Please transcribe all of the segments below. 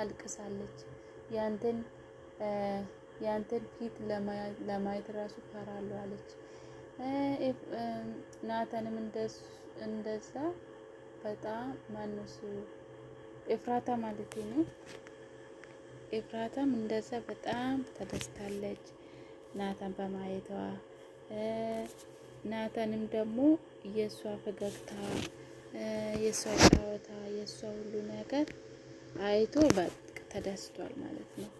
አልቅሳለች። ያንተን ያንተን ፊት ለማየት ራሱ ፈራለሁ አለች። ናታንም እንደዛ በጣም ማነሱ ኤፍራታ ማለት ነው። ኤፍራታም እንደዛ በጣም ተደስታለች ናታን በማየቷ። ናታንም ደግሞ የእሷ ፈገግታ፣ የእሷ ጨዋታ፣ የእሷ ሁሉ ነገር አይቶ በቃ ተደስቷል ማለት ነው።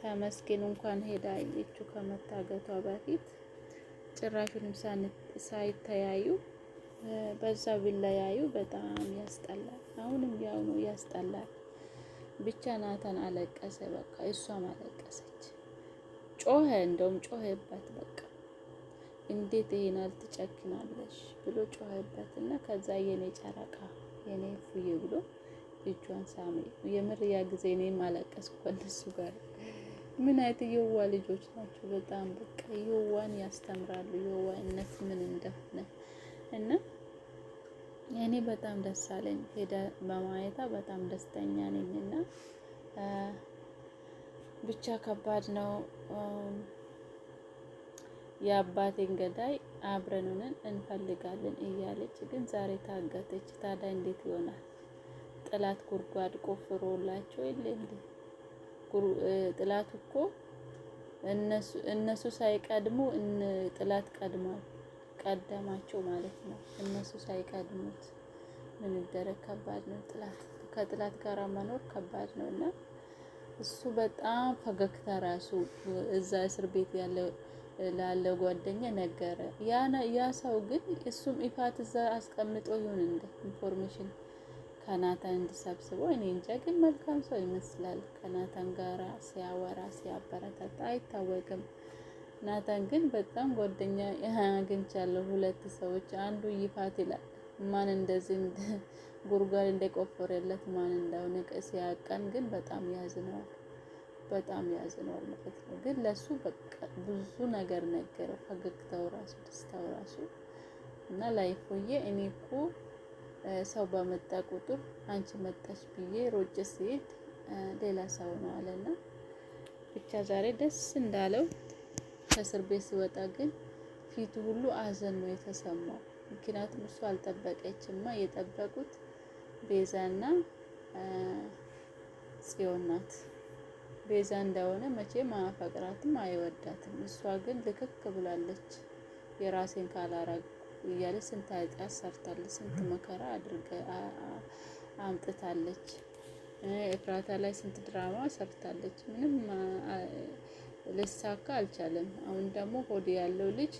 ተመስገን እንኳን ሄዳ አየችው ከመታገቷ በፊት ጭራሹንም ሳይተያዩ በዛ ቢለያዩ በጣም ያስጠላል። አሁንም ያው ነው ያስጠላል። ብቻ ናተን አለቀሰ። በቃ እሷም አለቀሰች። ጮኸ፣ እንደውም ጮኸበት። በቃ እንዴት ይሄን አልትጨክናለሽ ብሎ ጮኸበት እና ከዛ የኔ ጨረቃ የኔ ፉዬ ብሎ እጇን ሳሚ። የምር ያ ጊዜ እኔም አለቀስኩ ከእነሱ ጋር። ምን አይነት የዋ ልጆች ናቸው! በጣም በቃ የዋን ያስተምራሉ፣ የዋነት ምን እንደሆነ እና እኔ በጣም ደስ አለኝ ሄደ በማየታ በጣም ደስተኛ ነኝ። እና ብቻ ከባድ ነው። የአባቴን ገዳይ አብረን ሆነን እንፈልጋለን እያለች ግን ዛሬ ታገተች። ታዲያ እንዴት ይሆናል? ጥላት ጉድጓድ ቆፍሮላቸው የለም። ጥላት እኮ እነሱ እነሱ ሳይቀድሙ ጥላት ቀድሟል፣ ቀደማቸው ማለት ነው። እነሱ ሳይቀድሙት ምን ይደረግ? ከባድ ነው። ጥላት ከጥላት ጋር መኖር ከባድ ነው እና እሱ በጣም ፈገግታ ራሱ እዛ እስር ቤት ያለ ላለ ጓደኛ ነገረ። ያ ሰው ግን እሱም ኢፋት እዛ አስቀምጦ ይሁን እንደ ኢንፎርሜሽን ከናታን እንዲሰብስበው እኔ እንጃ፣ ግን መልካም ሰው ይመስላል። ከናታን ጋራ ሲያወራ ሲያበረታታ አይታወቅም። ናታን ግን በጣም ጓደኛ አግኝቻለሁ። ሁለት ሰዎች፣ አንዱ ይፋት ይላል ማን እንደዚህ ጉርጓድ እንደቆፈረለት ማን እንደሆነ ሲያቀን ግን በጣም ያዝነዋል፣ በጣም ያዝነዋል ማለት ነው። ግን ለሱ በቃ ብዙ ነገር ነገረው፣ ፈገግታው ራሱ ደስታው ራሱ እና ላይፎዬ እኔ እኮ ሰው በመጣ ቁጥር አንቺ መጣች ብዬ ሮጬ ስሄድ ሌላ ሰው ነው አለና ብቻ ዛሬ ደስ እንዳለው ከእስር ቤት ሲወጣ ግን ፊቱ ሁሉ አዘን ነው የተሰማው። ምክንያቱም እሱ አልጠበቀችማ። የጠበቁት ቤዛና ጽዮን ናት። ቤዛ እንደሆነ መቼም አያፈቅራትም፣ አይወዳትም። እሷ ግን ልክክ ብላለች የራሴን ካላረግ እያለ ስንት ኃጢአት ሰርታለች፣ ስንት መከራ አድርገ አምጥታለች። ኤፍራታ ላይ ስንት ድራማ ሰርታለች። ምንም ልሳካ አልቻለም። አሁን ደግሞ ሆድ ያለው ልጅ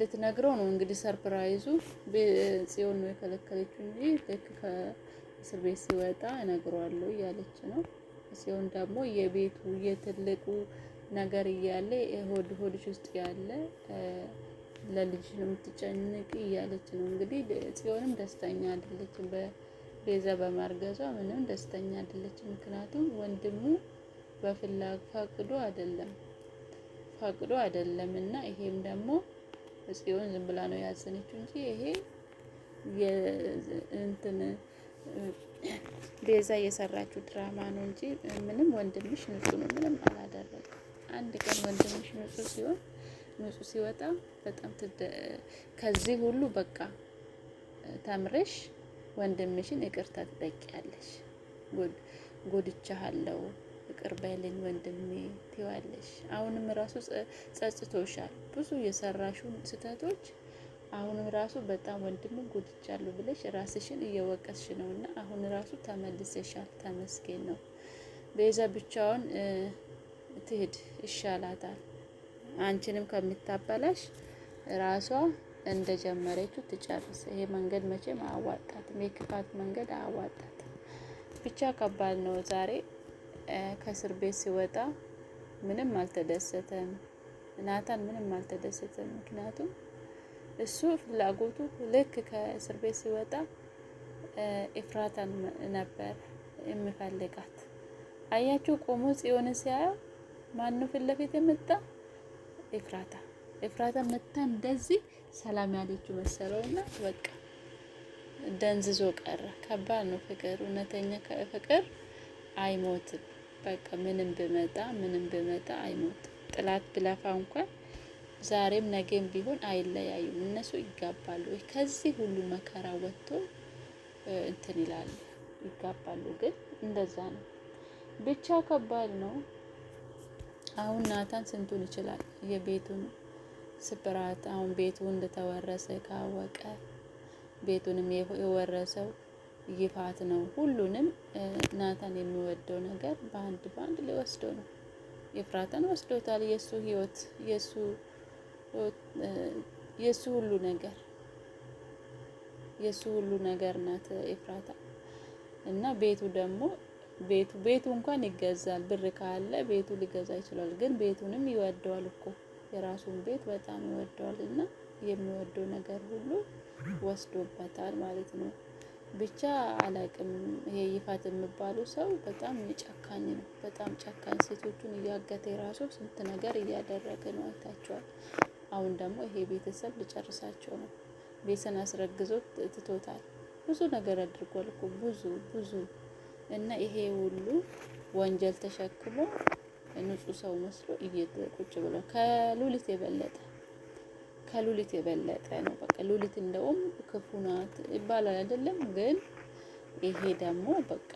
ልትነግረው ነው እንግዲህ ሰርፕራይዙ ጽዮን ነው የከለከለችው እንጂ ልክ ከእስር ቤት ሲወጣ እነግረዋለሁ እያለች ነው። ጽዮን ደግሞ የቤቱ የትልቁ ነገር እያለ ሆድ ሆድሽ ውስጥ ያለ ለልጅ የምትጨንቅ እያለች ነው እንግዲህ። ጽዮንም ደስተኛ አይደለች በቤዛ በማርገዟ ምንም ደስተኛ አደለች ምክንያቱም ወንድሙ በፍላ ፈቅዶ አይደለም ፈቅዶ አይደለም እና ይሄም ደግሞ ጽዮን ዝም ብላ ነው ያዘነችው እንጂ ይሄ እንትን ቤዛ የሰራችው ድራማ ነው እንጂ ምንም ወንድምሽ ንጹህ ነው፣ ምንም አላደረገም። አንድ ቀን ወንድምሽ ንጹህ ሲሆን ንጹህ ሲወጣ በጣም ከዚህ ሁሉ በቃ ተምረሽ ወንድምሽን ይቅርታ ትጠይቂያለሽ። ጎድቻለሁ ይቅር በልኝ ወንድሜ ትይዋለሽ። አሁንም ራሱ ጸጽቶሻል፣ ብዙ የሰራሹን ስህተቶች አሁንም ራሱ በጣም ወንድም ጎድቻለሁ ብለሽ ራስሽን እየወቀስሽ ነውና አሁን ራሱ ተመልሰሻል። ተመስገን ነው። ቤዛ ብቻውን ትሄድ ይሻላታል። አንቺንም ከምታበላሽ ራሷ እንደጀመረችው ትጨርስ። ይሄ መንገድ መቼም አያዋጣትም፣ የክፋት መንገድ አያዋጣትም። ብቻ ከባድ ነው። ዛሬ ከእስር ቤት ሲወጣ ምንም አልተደሰተም። ናታን ምንም አልተደሰተም። ምክንያቱም እሱ ፍላጎቱ ልክ ከእስር ቤት ሲወጣ ኤፍራታን ነበር የሚፈልጋት። አያችሁ ቆሞ ጽዮን ሲያየው ማን ነው ፊት ለፊት የመጣ ኤፍራታ ኤፍራታ መታ እንደዚህ ሰላም ያለችው መሰለውና በቃ ደንዝዞ ቀረ። ከባድ ነው ፍቅር፣ እውነተኛ ፍቅር አይሞትም። በቃ ምንም ብመጣ ምንም ብመጣ አይሞትም። ጥላት ብለፋ እንኳን ዛሬም ነገም ቢሆን አይለያዩም። እነሱ ይጋባሉ። ከዚህ ሁሉ መከራ ወጥቶ እንትን ይላሉ፣ ይጋባሉ። ግን እንደዛ ነው ብቻ ከባድ ነው። አሁን ናታን ስንቱን ይችላል። የቤቱን ስብራት አሁን ቤቱ እንደተወረሰ ካወቀ ቤቱንም የወረሰው ይፋት ነው። ሁሉንም ናታን የሚወደው ነገር በአንድ በአንድ ሊወስደው ነው። የፍራታን ወስዶታል። የእሱ ህይወት የእሱ የእሱ ሁሉ ነገር የእሱ ሁሉ ነገር ናት ኤፍራታ እና ቤቱ ደግሞ ቤቱ ቤቱ እንኳን ይገዛል፣ ብር ካለ ቤቱ ሊገዛ ይችላል። ግን ቤቱንም ይወደዋል እኮ የራሱን ቤት በጣም ይወደዋል እና የሚወደው ነገር ሁሉ ወስዶበታል ማለት ነው። ብቻ አላቅም። ይሄ ይፋት የሚባሉ ሰው በጣም ጨካኝ ነው። በጣም ጨካኝ ሴቶቹን እያገተ የራሱ ስንት ነገር እያደረገ ነው፣ አይታቸዋል። አሁን ደግሞ ይሄ ቤተሰብ ልጨርሳቸው ነው። ቤተሰን አስረግዞ ትቶታል። ብዙ ነገር አድርጓል እኮ ብዙ ብዙ እና ይሄ ሁሉ ወንጀል ተሸክሞ ንጹህ ሰው መስሎ ቁጭ ብሎ ከሉሊት የበለጠ ከሉሊት የበለጠ ነው። በቃ ሉሊት እንደውም ክፉ ናት ይባላል አይደለም? ግን ይሄ ደግሞ በቃ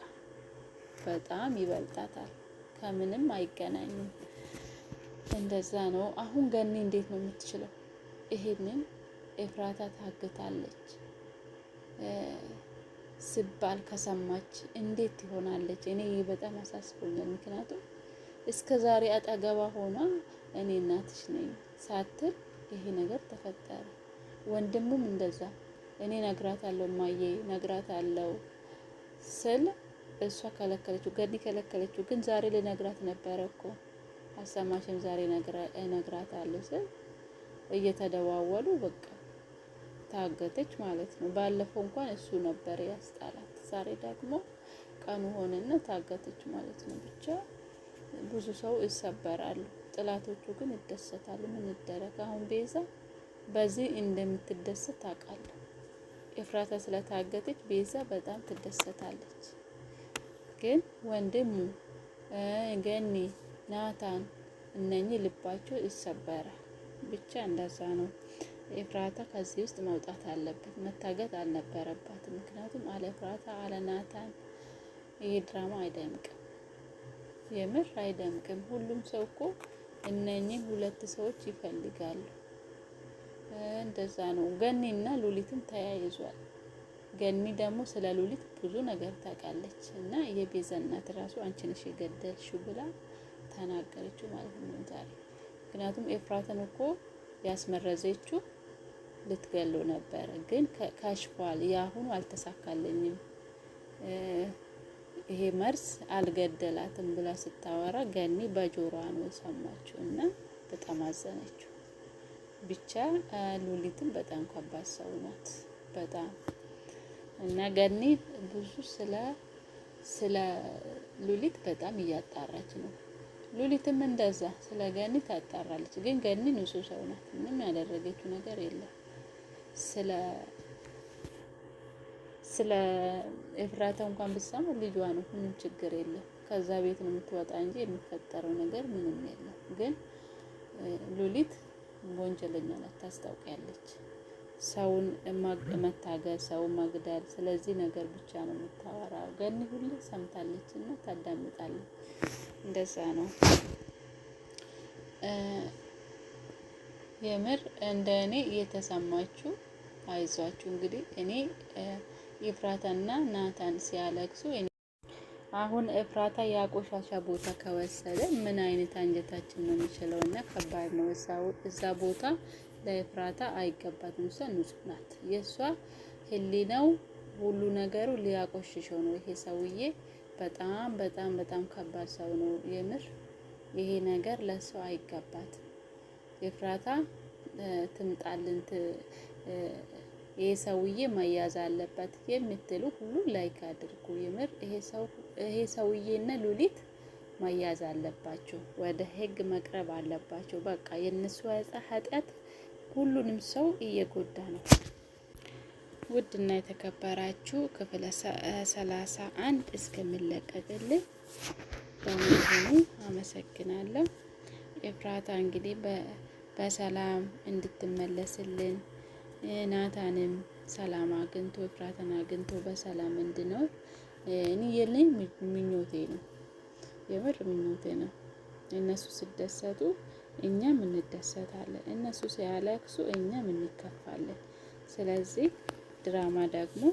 በጣም ይበልጣታል። ከምንም አይገናኝም። እንደዛ ነው። አሁን ገኒ እንዴት ነው የምትችለው? ይሄንን ኤፍራታ ታግታለች። ስባል ከሰማች እንዴት ትሆናለች? እኔ ይህ በጣም አሳስቦኛል። ምክንያቱም እስከ ዛሬ አጠገባ ሆኗ እኔ እናትሽ ነኝ ሳትል ይሄ ነገር ተፈጠረ። ወንድሙም እንደዛ እኔ አለው ማዬ አለው ስል እሷ ከለከለችው፣ ገኒ ከለከለችው። ግን ዛሬ ልነግራት ነበረ እኮ አሰማሽም፣ ዛሬ ነግራታለሁ ስል እየተደዋወሉ በቃ ታገተች ማለት ነው። ባለፈው እንኳን እሱ ነበር ያስጣላት፣ ዛሬ ደግሞ ቀኑ ሆነና ታገተች ማለት ነው። ብቻ ብዙ ሰው ይሰበራሉ፣ ጥላቶቹ ግን ይደሰታሉ። ምን ይደረግ አሁን ቤዛ በዚህ እንደምትደሰት ታውቃለህ። ኤፍራታ ስለታገተች ቤዛ በጣም ትደሰታለች። ግን ወንድሙ ገኒ፣ ናታን እነኚህ ልባቸው ይሰበራል። ብቻ እንደዛ ነው። ኤፍራታ ከዚህ ውስጥ መውጣት አለበት፣ መታገት አልነበረባት። ምክንያቱም አለ ኤፍራታ አለ ናታን ይህ ድራማ አይደምቅም፣ የምር አይደምቅም። ሁሉም ሰው እኮ እነኚህን ሁለት ሰዎች ይፈልጋሉ። እንደዛ ነው። ገኒና ሉሊትም ተያይዟል። ገኒ ደግሞ ስለ ሉሊት ብዙ ነገር ታውቃለች እና የቤዛ እናት ራሱ አንቺ ነሽ የገደልሽው ብላ ተናገረችው ማለት ነው ዛሬ ምክንያቱም ኤፍራትን እኮ ያስመረዘችው ልትገሉ ነበረ፣ ግን ከሽፏል። የአሁኑ አልተሳካለኝም፣ ይሄ መርስ አልገደላትም ብላ ስታወራ ገኒ በጆሮዋ ነው የሰማችው እና በጣም አዘነችው። ብቻ ሉሊትም በጣም ከባድ ሰው ናት። በጣም እና ገኒ ብዙ ስለ ስለ ሉሊት በጣም እያጣራች ነው። ሉሊትም እንደዛ ስለ ገኒ ታጣራለች። ግን ገኒ ንጹሕ ሰው ናት። ምንም ያደረገችው ነገር የለም። ስለ ስለ ኤፍራታ እንኳን ብትሰማ ልጇ ነው፣ ምንም ችግር የለም። ከዛ ቤት ነው የምትወጣ እንጂ የሚፈጠረው ነገር ምንም የለም። ግን ሉሊት ወንጀለኛ ናት፣ ታስታውቂያለች። ሰውን መታገል፣ ሰውን ማግዳል፣ ስለዚህ ነገር ብቻ ነው የምታወራ። ገኒ ሁሉ ሰምታለች እና ታዳምጣለች። እንደዛ ነው። የምር እንደ እኔ እየተሰማችሁ አይዟችሁ። እንግዲህ እኔ ኢፍራታና ናታን ሲያለቅሱ አሁን እፍራታ ያቆሻሻ ቦታ ከወሰደ ምን አይነት አንጀታችን ነው የሚችለው? እና ከባድ ነው። እዛ ቦታ ለእፍራታ አይገባትም። እሷ ንጹህ ናት። የእሷ ህሊናው ሁሉ ነገሩ ሊያቆሽሸው ነው። ይሄ ሰውዬ በጣም በጣም በጣም ከባድ ሰው ነው። የምር ይሄ ነገር ለእሷ አይገባት ኤፍራታ ትምጣልን ይሄ ሰውዬ መያዝ አለበት የምትሉ ሁሉ ላይክ አድርጉ። የምር ይሄ ሰውዬ እና ሉሊት መያዝ አለባቸው፣ ወደ ህግ መቅረብ አለባቸው። በቃ የእነሱ ኃጢአት ሁሉንም ሰው እየጎዳ ነው። ውድ እና የተከበራችሁ ክፍለ ሰላሳ አንድ እስከሚለቀቅልን በመሆኑ አመሰግናለሁ። ኤፍራታ እንግዲህ በሰላም እንድትመለስልን ናታንም ሰላም አግኝቶ ኤፍራታን አግኝቶ በሰላም እንድኖር እኔ የለኝ ምኞቴ ነው። የምር ምኞቴ ነው። እነሱ ሲደሰቱ እኛም እንደሰታለን፣ እነሱ ሲያለቅሱ እኛም እንከፋለን። ስለዚህ ድራማ ደግሞ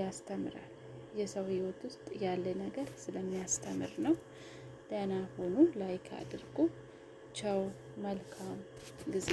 ያስተምራል። የሰው ህይወት ውስጥ ያለ ነገር ስለሚያስተምር ነው። ደህና ሁኑ። ላይክ አድርጉ። ቻው፣ መልካም ጊዜ